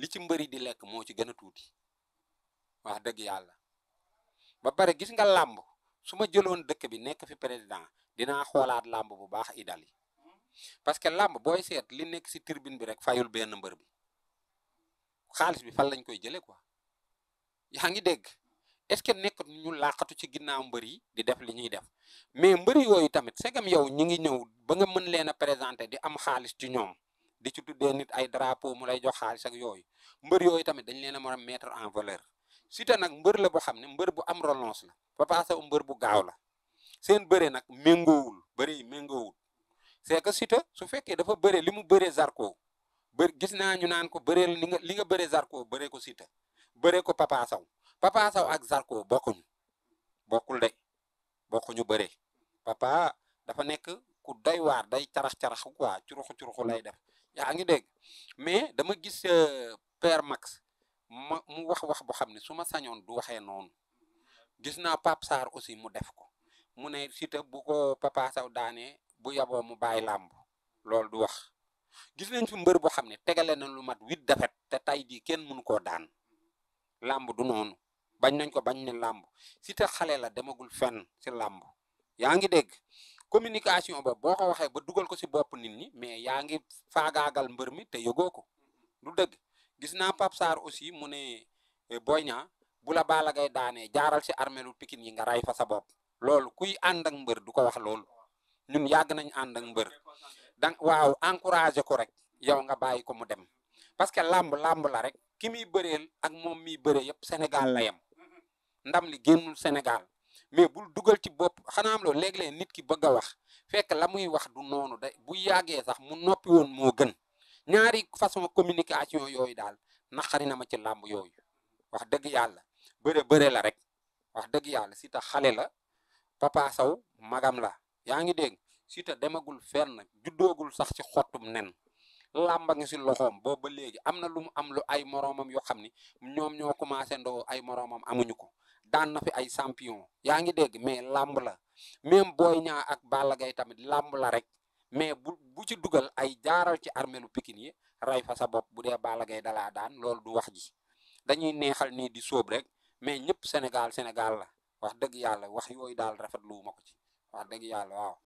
li ci mbër yi di lekk moo ci gën a tuuti wax dëgg yàlla ba pare gis nga làmb su ma jëloon dëkk bi nekk fi président dinaa xoolaat làmb bu baax idali parce que làmb booy seet li nekk si tribune bi rek fayul benn mbër bi xaalis bi fan lañ koy jëlee ko yaa ngi dégg est ce que nekk ñu làqatu ci ginnaaw mbër yi di def li ñuy def mais mbër yooyu tamit segam yow ñi ngi ñëw ba nga mën leen a présenter di am xaalis ci ñoom di ci tuddee nit ay drapo mu lay jox xaalis ak yooyu mbër yooyu tamit dañ leen a mën a mettre en valeur Siteu nag mbër la boo xam ne mbër bu am relance la Papa Sow mbër bu gaaw la seen bëre nag méngoowul bëre yi méngoowul c'est que Siteu su fekkee dafa bëre li mu bëree Zarko bër gis naa ñu naan ko bëree li nga li nga bëree Zarko bëree ko Siteu bëree ko Papa Sow ak Zarko bokkuñu bokkul de bokkuñu bëree papa dafa nekk ku day waar day carax-carax quoi curuxu curuxu lay def yaa ngi dégg mais dama gis euh, père Max ma mu wax wax boo xam ne su ma sañoon du waxee noonu gis naa Pape Sarr aussi mu def ko mu ne Siteu bu ko Papa Sow daanee bu yaboo mu bàyyi làmb loolu du wax gis nañ fi mbër boo xam ne tegale na lu mat wit defet te tey jii kenn mënu koo daan làmb du noonu bañ nañ ko bañ ne làmb Siteu xale la demagul fenn ci làmb yaa ngi dégg communication ba boo ko waxee ba dugal ko si bopp nit ñi mais yaa ngi faagaagal mbër mi te yëgoo ko du dëgg gis naa Pape Sarr aussi mu ne eh, Boy Niang bu la Balla Gaye jaaral si armeelu Pikine yi nga ray fa sa bopp loolu kuy ànd ak mbër du ko wax loolu ñun yàgg nañ ànd ak mbër donc waaw encouragé ko rek yow nga bàyyi ko mu dem parce que làmb làmb la rek ki muy bëreel ak moom miy bëree yëpp Sénégal la yem ndam li génnul Sénégal mais bul dugal ci bopp xanaa am loolu léeg-léeg nit ki bëgg a wax fekk la muy wax du noonu da bu yàggee sax mu noppi woon moo gën ñaari façon communication yooyu daal naqari na ma ci làmb yooyu wax dëgg yàlla bëre bëre la rek wax dëgg yàlla Siteu xale la papasaw magam la yaa ngi dégg Siteu demagul fenn juddoogul sax ci xottum nen làmb a ngi si loxoom boobu ba léegi am na lu mu am lu ay moroomam yoo xam ni ñoom ñoo commencé ndoo ay moroomam amuñu ko daan na fi ay champion yaa ngi dégg mais làmb la même booy Niang ak Balla tamit làmb la rek mais bu bu ci dugal ay jaaral ci armeelu Pikine yi rey fa sa bopp bu dee Balla Gaye dalaa daan loolu du wax ji dañuy neexal nii di soob rek mais ñëpp Sénégal Sénégal la wax dëgg yàlla wax yooyu daal rafet ma ko ci wax dëgg yàlla waaw